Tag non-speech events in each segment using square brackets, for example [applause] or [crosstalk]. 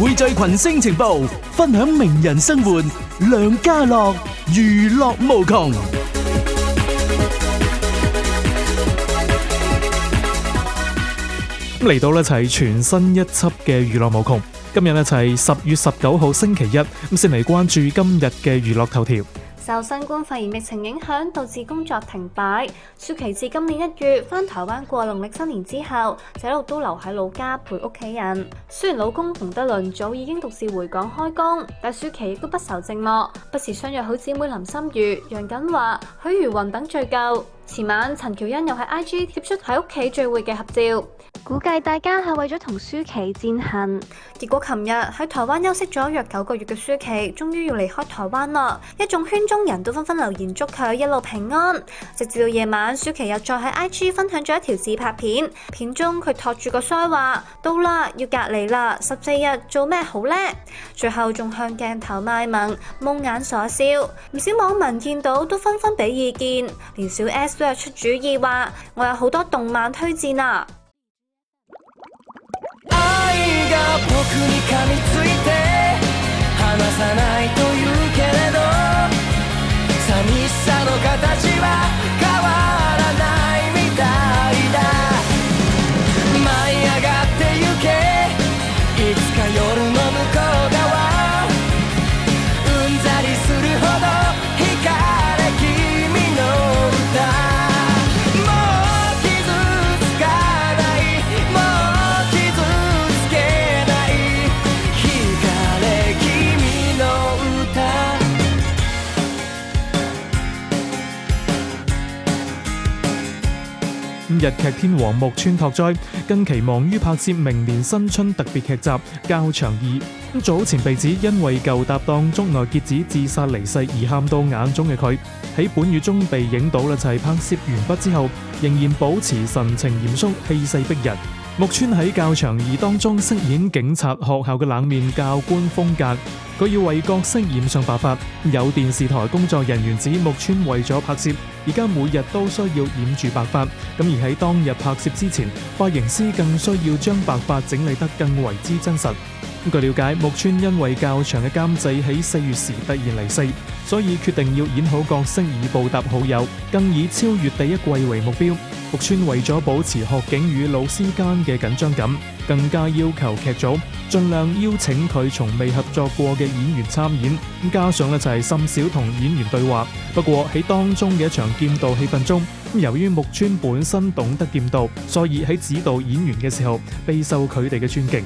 匯聚群星情報，分享名人生活，梁家樂，娛樂無窮。咁嚟到呢就係全新一輯嘅娛樂無窮。今日呢，就係十月十九號星期一，咁先嚟關注今日嘅娛樂頭條。受新冠肺炎疫情影響，導致工作停擺。舒淇自今年一月返台灣過農曆新年之後，一路都留喺老家陪屋企人。雖然老公馮德倫早已經獨自回港開工，但舒淇亦都不愁寂寞，不時相約好姊妹林心如、楊謹華、許茹芸等敘舊。前晚，陳喬恩又喺 IG 貼出喺屋企聚會嘅合照，估計大家係為咗同舒淇餞行。結果琴日喺台灣休息咗約九個月嘅舒淇，終於要離開台灣啦！一眾圈中人都紛紛留言祝佢一路平安。直至到夜晚，舒淇又再喺 IG 分享咗一條自拍片，片中佢托住個腮話：到啦，要隔離啦，十四日做咩好呢？最後仲向鏡頭賣萌，矇眼傻笑。唔少網民見到都紛紛俾意見，連小 S，都係出主意話，我有好多動漫推薦啊！日劇天王木村拓哉近期忙於拍攝明年新春特別劇集《教場二》，早前被指因為舊搭檔竹內結子自殺離世而喊到眼中嘅佢，喺本月中被影到啦，就係拍攝完畢之後，仍然保持神情嚴肅、氣勢逼人。木村喺《教場二》當中飾演警察學校嘅冷面教官風格。佢要為角色染上白髮。有電視台工作人員指，木村為咗拍攝，而家每日都需要染住白髮。咁而喺當日拍攝之前，髮型師更需要將白髮整理得更為之真實。據了解，木村因為較長嘅監製喺四月時突然離世，所以決定要演好角色以報答好友，更以超越第一季為目標。木村為咗保持學警與老師間嘅緊張感，更加要求劇組盡量邀請佢從未合作過嘅演員參演。加上呢就係甚少同演員對話。不過喺當中嘅一場劍道戲份中，由於木村本身懂得劍道，所以喺指導演員嘅時候，備受佢哋嘅尊敬。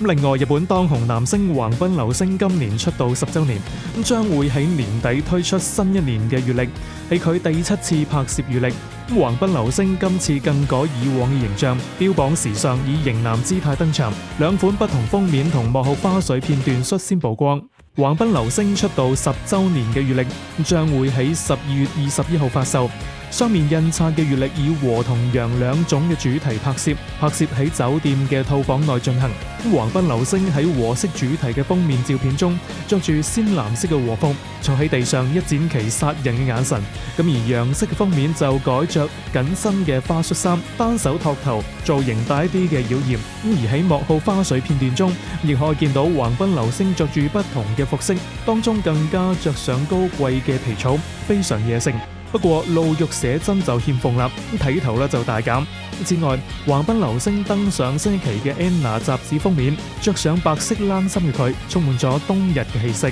另外，日本當紅男星橫濱流星今年出道十週年，咁將會喺年底推出新一年嘅月曆，係佢第七次拍攝月曆。橫濱流星今次更改以往嘅形象，標榜時尚，以型男姿態登場。兩款不同封面同幕後花絮片段率先曝光。橫濱流星出道十週年嘅月曆將會喺十二月二十一號發售。雙面印刷嘅月曆以和同洋兩種嘅主題拍攝，拍攝喺酒店嘅套房內進行。咁，橫濱流星喺和式主題嘅封面照片中，着住鮮藍色嘅和服，坐喺地上，一展其殺人嘅眼神。咁而洋色嘅封面就改着緊身嘅花恤衫，單手托頭，造型大一啲嘅妖艷。而喺幕後花絮片段中，亦可以見到橫濱流星着住不同嘅服飾，當中更加着上高貴嘅皮草，非常野性。不過露肉寫真就欠奉啦，睇頭咧就大減。此外，橫濱流星登上星期嘅《Anna》雜誌封面，着上白色冷衫嘅佢，充滿咗冬日嘅氣息。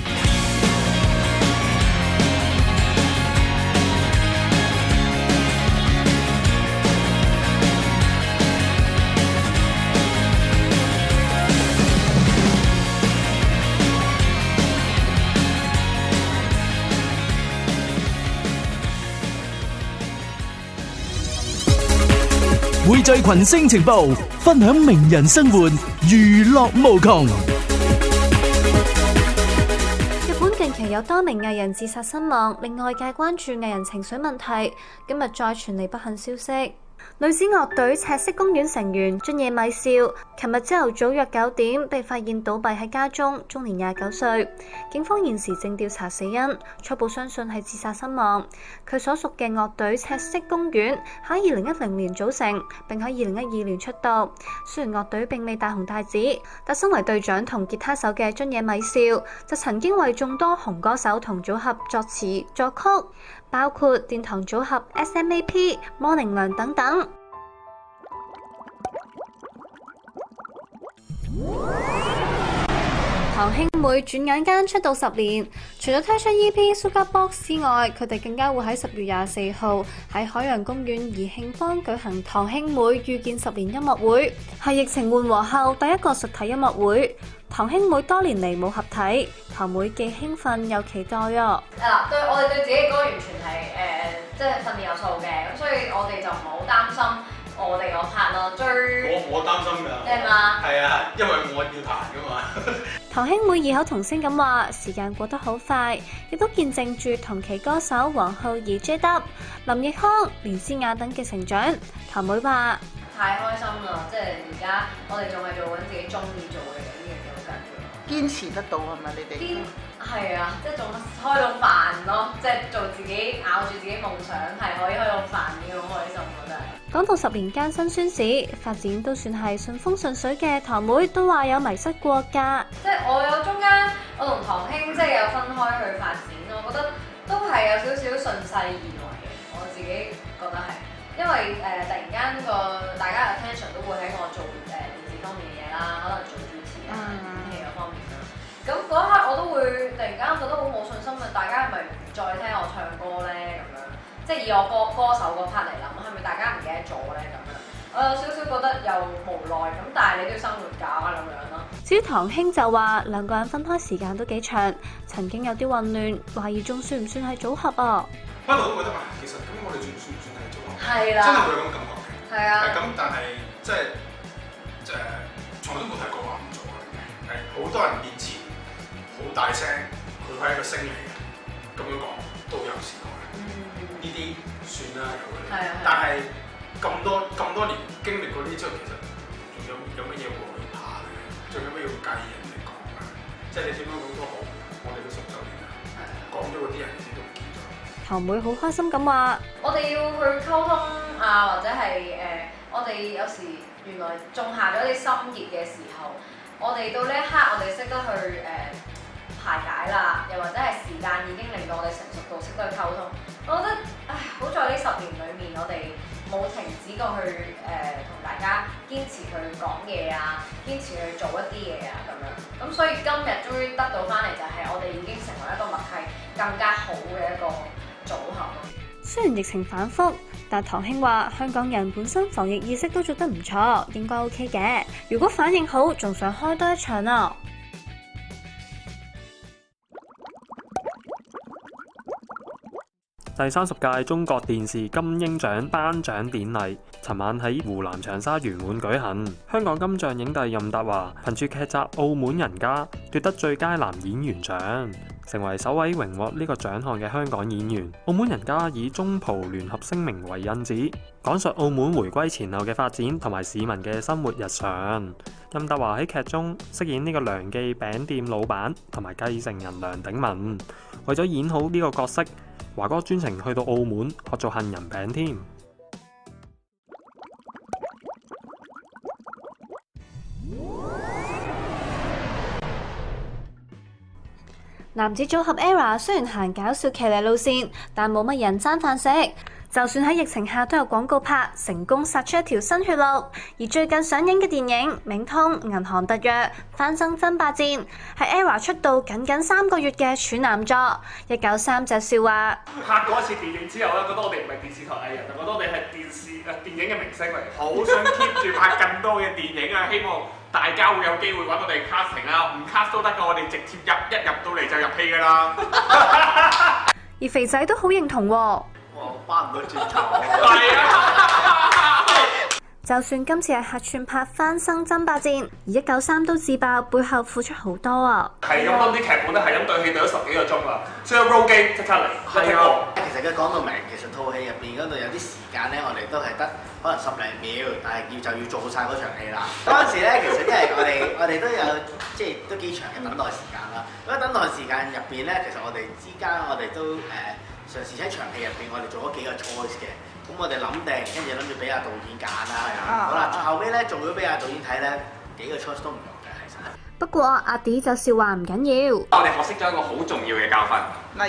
匯聚群星情報，分享名人生活，娛樂無窮。日本近期有多名藝人自殺身亡，令外界關注藝人情緒問題。今日再傳嚟不幸消息。女子樂隊赤色公園成員津野米少琴日朝頭早約九點被發現倒斃喺家中，終年廿九歲。警方現時正調查死因，初步相信係自殺身亡。佢所屬嘅樂隊赤色公園喺二零一零年組成，並喺二零一二年出道。雖然樂隊並未大紅大紫，但身為隊長同吉他手嘅津野米少就曾經為眾多紅歌手同組合作詞作曲，包括殿堂組合 SMAP、Morning 娘等等。糖兄妹轉眼間出道十年，除咗推出 E.P.《Sugar Box》之外，佢哋更加會喺十月廿四號喺海洋公園怡慶坊舉行糖兄妹遇見十年音樂會，係疫情緩和後第一個實體音樂會。糖兄妹多年嚟冇合體，糖妹既興奮又期待。啊，對我哋對自己嘅歌完全係誒，即係訓練有數嘅，咁所以我哋就冇。擔心我哋個客咯，最我我擔心㗎，咩嘛？係啊，因為我要彈㗎嘛。陶兄妹異口同聲咁話：時間過得好快，亦都見證住同期歌手王灝兒、JW、林奕匡、連詩雅等嘅成長。陶妹話：太開心啦！即係而家我哋仲係做緊自己鍾意做嘅嘢，呢樣嘢好緊要。堅持得到係咪你哋？係啊，即係仲開到飯咯，即係做自己，講到十年間辛酸史，發展都算係順風順水嘅，糖妹都話有迷失過㗎，即係我有中間我同糖兄即係有分開去發展咯，我覺得都係有少少順勢而為嘅，我自己覺得係，因為誒、呃、突然間個大家 attention 都會喺我做誒電視方面嘅嘢啦，可能做主持啊、演戲嗰方面啦，咁嗰一刻我都會突然間覺得好冇信心啊，大家係咪唔再聽我唱歌咧咁樣，即係以我歌歌手嗰 part 嚟啦。大家唔記得咗咧咁樣，我、呃、有少少覺得又無奈咁，但係你都要生活架咁樣咯。至於堂兄就話，兩個人分開時間都幾長，曾經有啲混亂，懷疑仲算唔算係組合啊？不過我都覺得啊，其實咁我哋算唔算係組合？係啦的，真係會有咁感覺嘅。係啊的。咁但係即係誒，從來都冇提過話唔組合嘅，係好多人面前好大聲，佢係一個星嚟嘅，咁樣講。都有試過嘅，呢啲、嗯、算啦，有嘅。但係咁多咁多年經歷過呢出，其實仲有有乜嘢會怕嘅？仲有乜要介意人哋講嘅？即係你點樣講都好，我哋都接受嘅。講咗嗰啲人唔知道見咗。堂妹好開心咁話：我哋要去溝通啊，或者係誒、呃，我哋有時原來種下咗啲心結嘅時候，我哋到呢一刻，我哋識得去誒。呃排解啦，又或者係時間已經令到我哋成熟到識得去溝通。我覺得唉，好在呢十年裏面，我哋冇停止過去誒同、呃、大家堅持去講嘢啊，堅持去做一啲嘢啊咁樣。咁所以今日終於得到翻嚟，就係我哋已經成為一個默契更加好嘅一個組合。雖然疫情反覆，但唐興話香港人本身防疫意識都做得唔錯，應該 OK 嘅。如果反應好，仲想開多一場啊！第三十屆中國電視金鷹獎頒獎典禮，尋晚喺湖南長沙圓滿舉行。香港金像影帝任達華憑住劇集《澳門人家》奪得最佳男演員獎。成為首位榮獲呢個獎項嘅香港演員。澳門人家以中葡聯合聲明為引子，講述澳門回歸前後嘅發展同埋市民嘅生活日常。任達華喺劇中飾演呢個梁記餅店老闆同埋繼承人梁鼎文，為咗演好呢個角色，華哥專程去到澳門學做杏仁餅添。男子組合 ERROR 雖然行搞笑騎呢路線，但冇乜人爭飯食。就算喺疫情下都有廣告拍，成功殺出一條新血路。而最近上映嘅電影《銘通銀行特約》翻生爭霸戰，係 ERROR 出道僅僅三個月嘅處男作。一九三隻笑話，拍過一次電影之後咧，我覺得我哋唔係電視台藝人，我覺得我哋係電視啊電影嘅明星嚟，好想 keep 住拍更多嘅電影啊！希望。大家會有機會揾我哋 casting，啊，唔 cast 都得㗎，我哋直接入一入到嚟就入戲㗎啦。 [laughs] 而肥仔都好認同喎、哦。我唔到真係啊！ [laughs] [laughs] [laughs] 就算今次係客串拍翻生爭霸戰，而一九三都自爆，背後付出好多啊！係啊、嗯，啲劇本咧係咁對戲對咗十幾個鐘啦，所以要羅技出出嚟，係啊的。其實佢講到明，其實套戲入邊嗰度有啲時間咧，我哋都係得可能十零秒，但係要就要做好曬嗰場戲啦。當時咧，其實因為我哋我哋都有即係、就是、都幾長嘅等待時間啦。咁等待時間入邊咧，其實我哋之間我哋都誒、呃、嘗試喺場戲入邊，我哋做咗幾個 choice 嘅。咁、 [music] 嗯、我哋諗定，跟住諗住俾阿導演揀啦。啊，好啦，最後尾咧做咗俾阿導演睇咧，幾個 choice 都唔同嘅，其實。不過阿迪就笑話唔緊要，要。我哋學識咗一個好重要嘅教訓，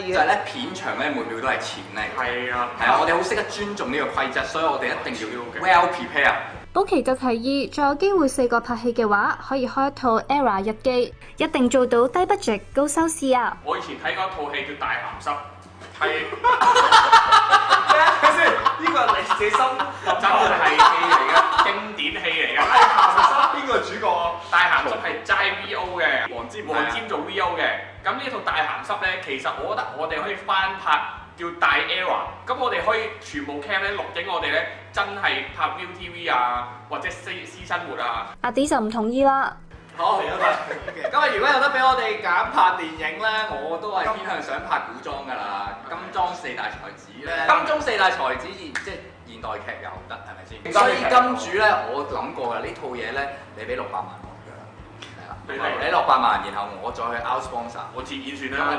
例如、啊、就係咧片場咧每秒都係錢嚟。係啊，係的啊，我哋好識得尊重呢個規則，所以我哋一定要要、這、嘅、個。Well prepared。寶琦就提議，再有機會四個拍戲嘅話，可以開一套 ERROR 日記，一定做到低 budget 高收視啊！我以前睇過一套戲叫大《大咸濕》，係。睇下先，呢 [laughs] 個你自心《大咸濕》真係戲嚟嘅，經典戲嚟嘅。 [laughs] [laughs] 大是是《大咸濕》邊個主角？大咸濕係齋 VO 嘅，黃霑黃霑做 VO 嘅。咁呢套《大咸濕》咧，其實我覺得我哋可以翻拍 [laughs] 叫《大 Error》。咁我哋可以全部 cam 咧錄影我呢，我哋咧真係拍 Viu TV 啊，或者私私生活啊。阿 D 就唔同意啦。好，咁啊！Okay. 如果有得俾我哋揀拍電影咧，我都係偏向想拍古裝㗎啦，《Okay. 金裝四大才子》咧，《金裝四大才子》現的即係現代劇又得，係咪先？所以金主咧，的我諗過㗎呢套嘢咧，你俾六百萬我㗎啦，係啦，俾的你六百萬，然後我再去 outsponsor，我折現算啦。